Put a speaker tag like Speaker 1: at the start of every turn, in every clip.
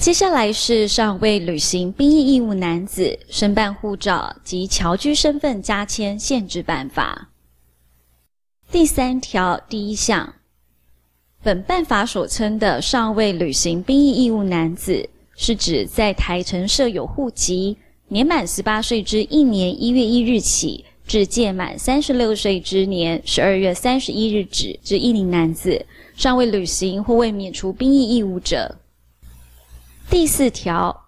Speaker 1: 接下來是尚未履行兵役義務男子申辦護照及僑居身份加簽限制辦法第三條第一項。本辦法所稱的尚未履行兵役義務男子，是指在台城設有戶籍、年滿十八歲之年一月一日起至屆滿三十六歲之年十二月三十一日止之一名男子，尚未履行或未免除兵役義務者。第四條，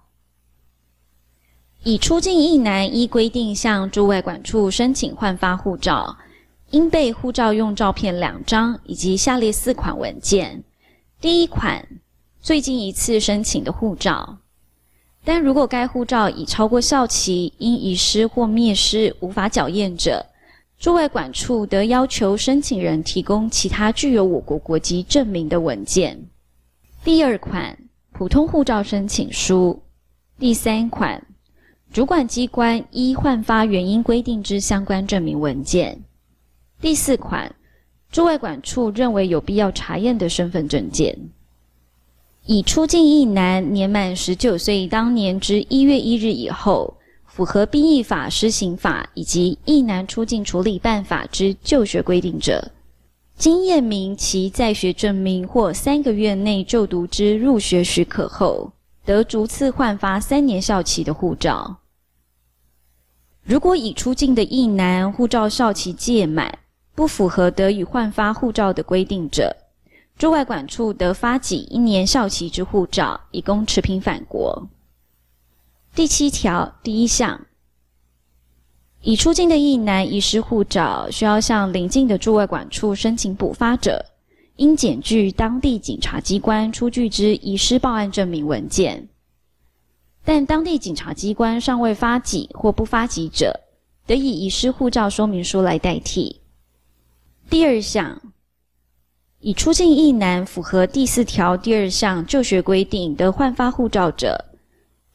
Speaker 1: 已出境役男依規定向駐外館處申請換發護照，應備護照用照片兩張以及下列四款文件：第一款，最近一次申請的護照；但如果該護照已超過效期、因遺失或滅失無法繳驗者，駐外館處得要求申請人提供其他具有我國國籍證明的文件。第二款。普通護照申請書。第三款，主管機關依換發原因規定之相關證明文件；第四款，駐外館處認為有必要查驗的身份證件。已出境役男，年滿十九歲當年之一月一日以後，符合兵役法施行法以及役男出境處理辦法之就學規定者，經驗明其在學證明或三個月內就讀之入學許可後，得逐次換發三年效期的護照。如果已出境的役男護照效期屆滿，不符合得以換發護照的規定者，駐外館處得發給一年效期之護照，以供持平返國。第七條第一項。已出境的役男遺失護照，需要向鄰近的駐外館處申請補發者，應檢具當地警察機關出具之遺失報案證明文件；但當地警察機關尚未發給或不發給者，得以遺失護照說明書來代替。第二項，已出境役男符合第四條第二項就學規定，得換發護照者，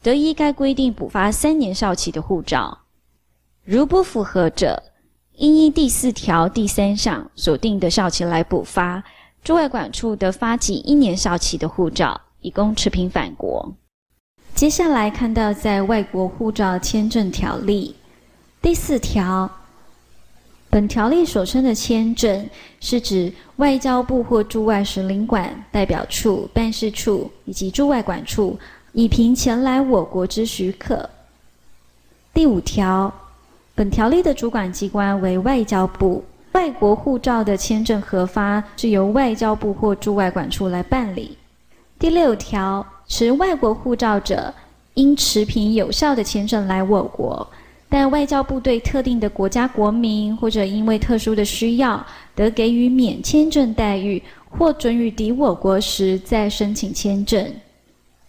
Speaker 1: 得依該規定補發三年效期的護照。如不符合者，應依第四條第三項所定的效期來補發，駐外館處得發給一年效期的護照，以供持憑返國。接下來看到在《外國護照簽證條例》第四條，本條例所稱的簽證，是指外交部或駐外使領館、代表處、辦事處以及駐外館處，以憑前來我國之許可。第五條。本條例的主管機關為外交部。外國護照的簽證核發是由外交部或駐外館處來辦理。第六條，持外國護照者應持憑有效的簽證來我國，但外交部對特定的國家國民或者因為特殊的需要，得給予免簽證待遇或准予抵我國時再申請簽證。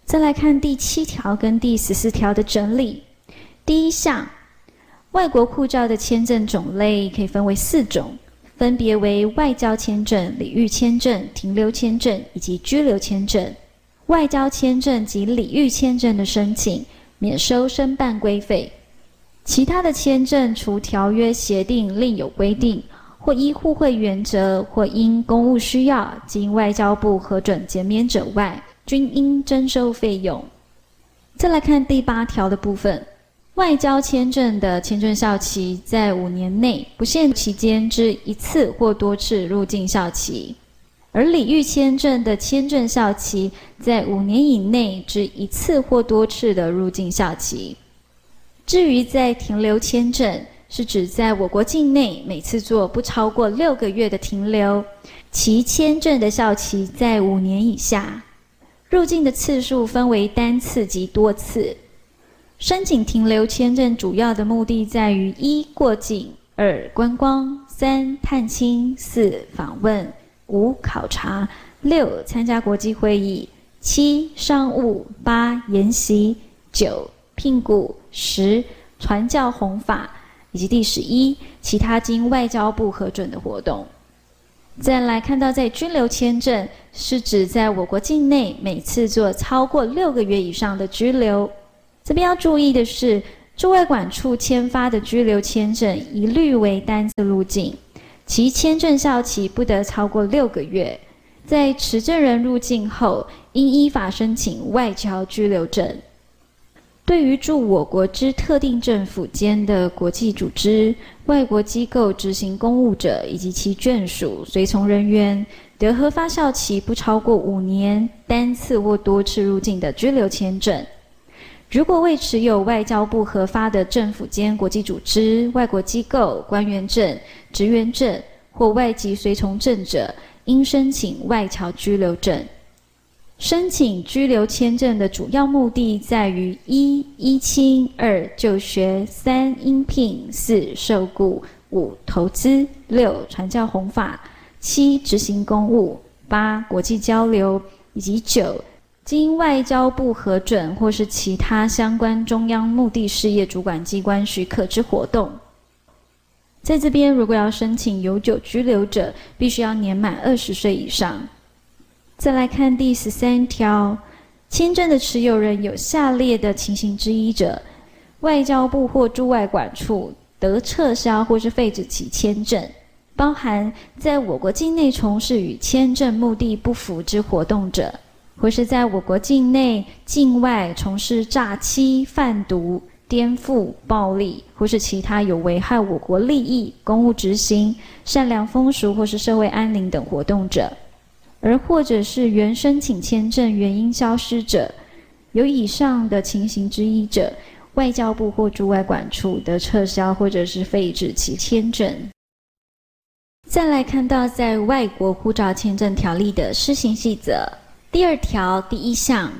Speaker 1: 再來看第七條跟第十四條的整理，第一項。外國護照的簽證種類可以分為四種，分別為外交簽證、禮遇簽證、停留簽證以及居留簽證。外交簽證及禮遇簽證的申請免收申辦規費，其他的簽證除條約協定另有規定，或依互惠原則，或因公務需要經外交部核准減免者外，均應徵收費用。再來看第八條的部分。外交簽證的簽證效期在五年內，不限期間之一次或多次入境效期；而禮遇簽證的簽證效期在五年以內之一次或多次的入境效期。至於在停留簽證，是指在我國境內每次做不超過六個月的停留，其簽證的效期在五年以下，入境的次數分為單次及多次。申請停留簽證主要的目的在於：一、過境；二、觀光；三、探親；四、訪問；五、考察；六、參加國際會議；七、商務；八、研習；九、聘僱十、10. 傳教弘法；以及第十一，其他經外交部核准的活動。再來看到，在居留簽證是指在我國境內每次做超過六個月以上的居留。這邊要注意的是，駐外館處簽發的居留簽證一律為單次入境，其簽證效期不得超過六個月。在持證人入境後，應依法申請外僑居留證。對於駐我國之特定政府間的國際組織、外國機構執行公務者以及其眷屬隨從人員，得核發效期不超過五年、單次或多次入境的居留簽證。如果未持有外交部核發的政府間國際組織、外國機構官員證、職員證或外籍隨從證者，應申請外僑居留證。申請居留簽證的主要目的在於：一、依親；二、就學；三、應聘；四、受雇；五、投資；六、傳教弘法；七、執行公務；八、國際交流；以及九。經外交部核准，或是其他相關中央目的事業主管機關許可之活動，在這邊如果要申請永久居留者，必須要年滿二十歲以上。再來看第十三條，簽證的持有人有下列的情形之一者，外交部或駐外館處得撤銷或是廢止其簽證，包含在我國境內從事與簽證目的不符之活動者。或是在我國境內、境外從事詐欺、販毒、顛覆、暴力，或是其他有危害我國利益、公務執行、善良風俗或是社會安寧等活動者，而或者是原申請簽證原因消失者，有以上的情形之一者，外交部或駐外館處得撤銷或者是廢止其簽證。再來看到在外國護照簽證條例的施行細則。第二條第一項，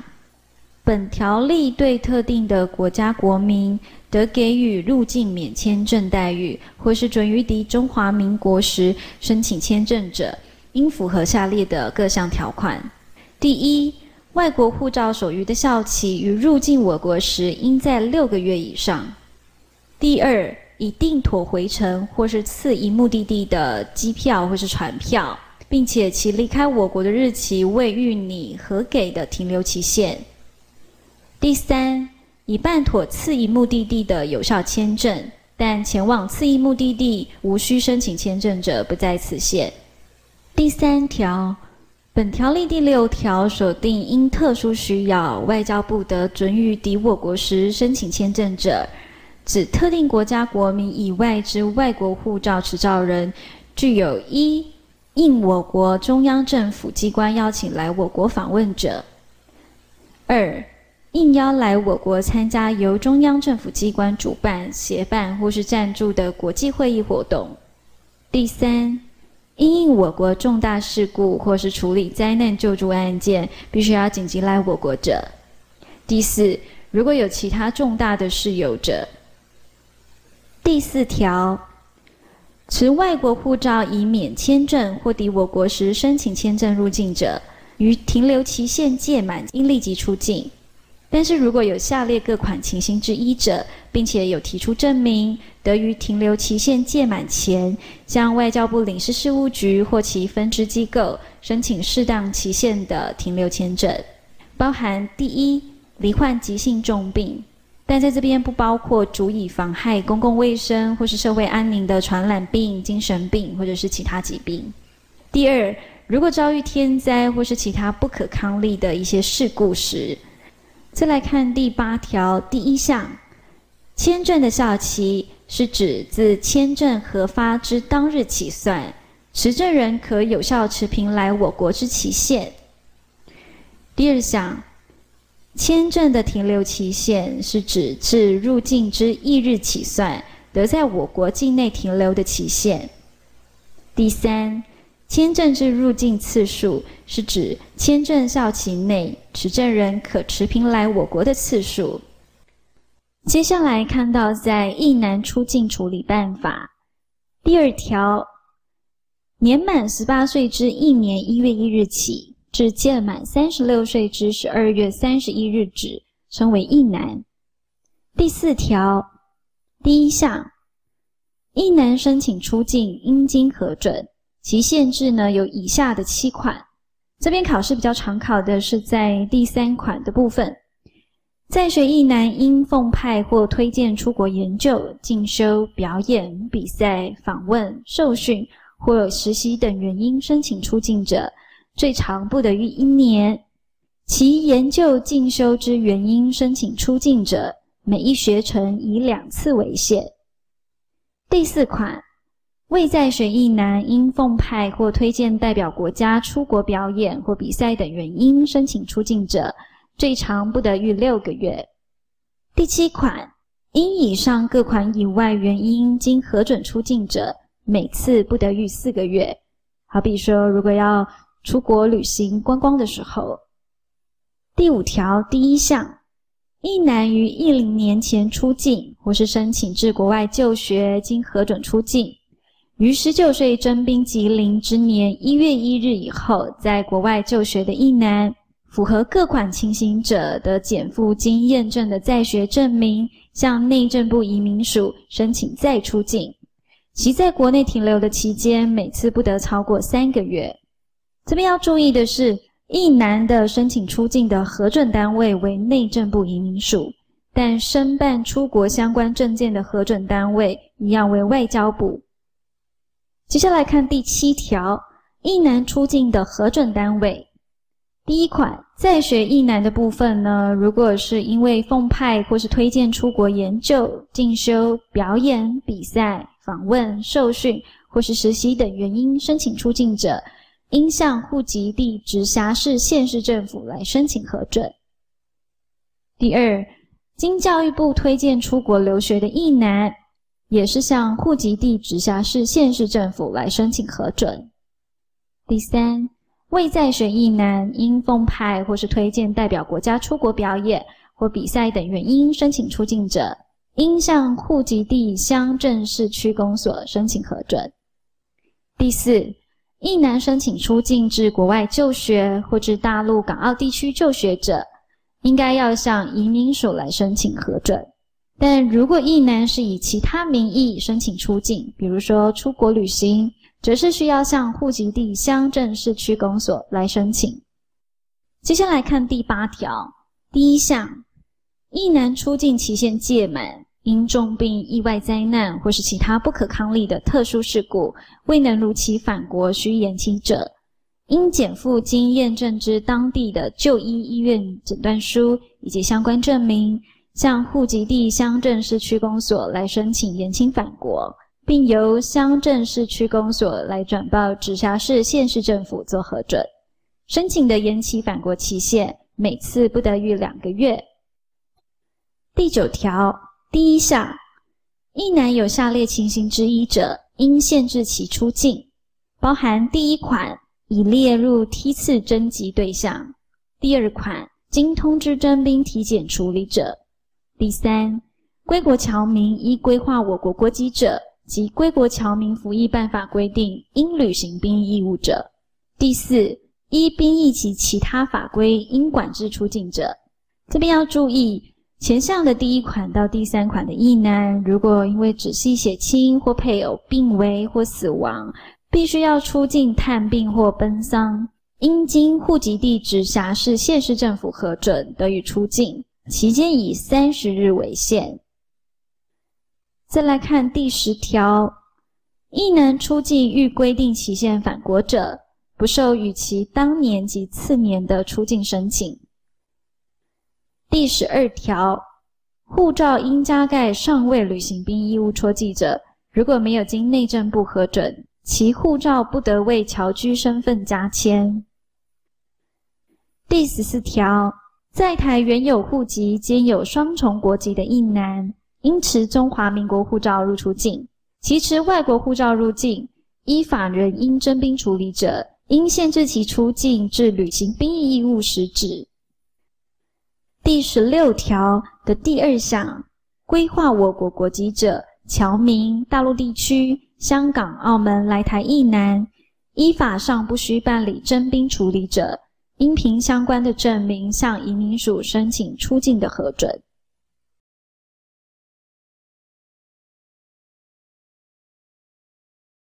Speaker 1: 本條例對特定的國家國民得給予入境免簽證待遇，或是准予抵中華民國時申請簽證者，應符合下列的各項條款：第一，外國護照所餘的效期與入境我國時應在六個月以上；第二，已訂妥回程或是次一目的地的機票或是船票。並且其離開我國的日期未逾你核給的停留期限。第三，已辦妥次一目的地的有效簽證，但前往次一目的地無需申請簽證者，不在此限。第三條，本條例第六條所定因特殊需要，外交部得准予抵我國時申請簽證者，指特定國家國民以外之外國護照持照人，具有一。應我國中央政府機關邀請來我國訪問者；二、應邀來我國參加由中央政府機關主辦、協辦或是贊助的國際會議活動；第三、因應我國重大事故或是處理災難救助案件，必須要緊急來我國者；第四，如果有其他重大的事由者。第四條。持外國護照以免簽證或抵我國時申請簽證入境者，於停留期限屆滿應立即出境。但是如果有下列各款情形之一者，並且有提出證明，得於停留期限屆滿前，向外交部領事事務局或其分支機構申請適當期限的停留簽證，包含第一，罹患急性重病。但在這邊不包括足以妨害公共衛生或是社會安寧的傳染病、精神病或者是其他疾病。第二，如果遭遇天災或是其他不可抗力的一些事故時。再來看第八條第一項，簽證的效期是指自簽證核發之當日起算，持證人可有效持憑來我國之期限。第二項。簽證的停留期限是指自入境之翌日起算，得在我國境內停留的期限。第三，簽證之入境次數是指簽證效期內持證人可持憑來我國的次數。接下來看到在役男出境處理辦法第二條，年滿十八歲之翌年一月一日起，至屆滿三十六歲之十二月三十一日止，稱為役男。第四條第一項，役男申請出境應經核准，其限制呢，有以下的七款。這邊考試比較常考的是在第三款的部分，在學役男因奉派或推薦出國研究、進修、表演、比賽、訪問、受訓或有實習等原因申請出境者。最長不得逾一年，其研究進修之原因申請出境者，每一學程以兩次為限。第四款，未在學役男因奉派或推薦代表國家出國表演或比賽等原因申請出境者，最長不得逾六個月。第七款，因以上各款以外原因經核准出境者，每次不得逾四個月。好比說，如果要出國旅行觀光的時候，第五條第一項：役男於役齡前出境，或是申請至國外就學經核准出境，於十九歲徵兵及齡之年一月一日以後，在國外就學的役男，符合各款情形者得檢附，經驗證的在學證明，向內政部移民署申請再出境，其在國內停留的期間，每次不得超過三個月。這邊要注意的是，役男的申請出境的核准單位為內政部移民署，但申辦出國相關證件的核准單位一樣為外交部。接下來看第七條，役男出境的核准單位。第一款，在學役男的部分呢，如果是因為奉派或是推薦出國研究、進修、表演、比賽、訪問、受訓或是實習等原因申請出境者，應向戶籍地直轄市、縣市政府來申請核准。第二，經教育部推薦出國留學的役男，也是向戶籍地直轄市、縣市政府來申請核准。第三，未在營役男因奉派或是推薦代表國家出國表演或比賽等原因申請出境者，應向戶籍地鄉鎮市區公所申請核准。第四。役男申請出境至國外就學或至大陸、港澳地區就學者，應該要向移民署來申請核准。但如果役男是以其他名義申請出境，比如說出國旅行，則是需要向戶籍地鄉鎮市區公所來申請。接下來看第八條第一項，役男出境期限屆滿。因重病、意外災難或是其他不可抗力的特殊事故，未能如期返國需延期者，應檢附經驗證之當地的就醫醫院診斷書以及相關證明，向戶籍地鄉鎮市區公所來申請延期返國，並由鄉鎮市區公所來轉報直轄市縣市政府做核准。申請的延期返國期限每次不得逾兩個月。第九條。第一項，應男有下列情形之一者，應限制其出境，包含第一款已列入梯次徵集對象；第二款經通知徵兵體檢處理者；第三，歸國僑民依規劃我國國籍者及歸國僑民服役辦法規定應履行兵役義務者；第四，依兵役及其他法規應管制出境者。這邊要注意。前項的第一款到第三款的役男，如果因為直系血親或配偶病危或死亡，必須要出境探病或奔喪，應經戶籍地直轄市、縣市政府核准得以出境，期間以三十日為限。再來看第十條，役男出境逾規定期限返國者，不受與其當年及次年的出境申請。第十二條，護照應加蓋尚未履行兵役義務戳記者，如果沒有經內政部核准，其護照不得為僑居身份加簽。第十四條，在台原有戶籍兼有雙重國籍的役男，應持中華民國護照入出境，其持外國護照入境，依法仍應徵兵處理者，應限制其出境至履行兵役義務時止。第十六條的第二項，歸化我國國籍者、僑民、大陸地區、香港、澳門來台役男，依法尚不需辦理徵兵處理者，應憑相關的證明向移民署申請出境的核准。